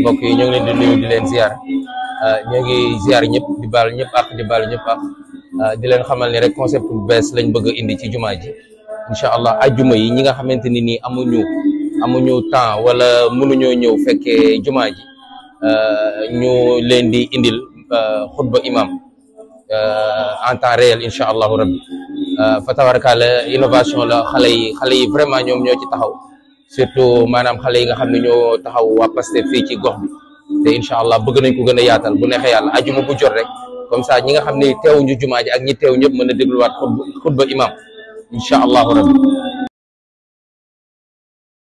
mbokk yi ñu ngi leen di nuyu di leen ziar euh, ñu ngi ziar ñëpp di baal ñëpp ak di baal ñëpp ak euh, leen xamal ne rek concept bu bees lañ bëgg indi ci jumaa ji incha allah ajjuma yi ñi nga xamante ni nii amuñu amuñu temps wala mënuñoo ñëw fekkee jumaa ji euh, ñu leen di indil xutba imam en temps réel incha allahu rabbi fa la innovation la xale yi vraiment ñoom ñoo ci taxaw surtout manam xalé yi nga xamni ño taxaw wa pasteur fi ci gox bi te inshallah bëgg nañ ko gëna yaatal bu nexé yalla aljuma bu jor rek comme ça ñi nga xamni tewu ñu jumaaji ak ñi tewu ñep mëna déglu khutba imam inshallah rabbi